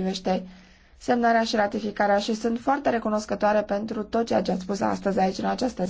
privește semnarea și ratificarea și sunt foarte recunoscătoare pentru tot ceea ce ați spus astăzi aici în această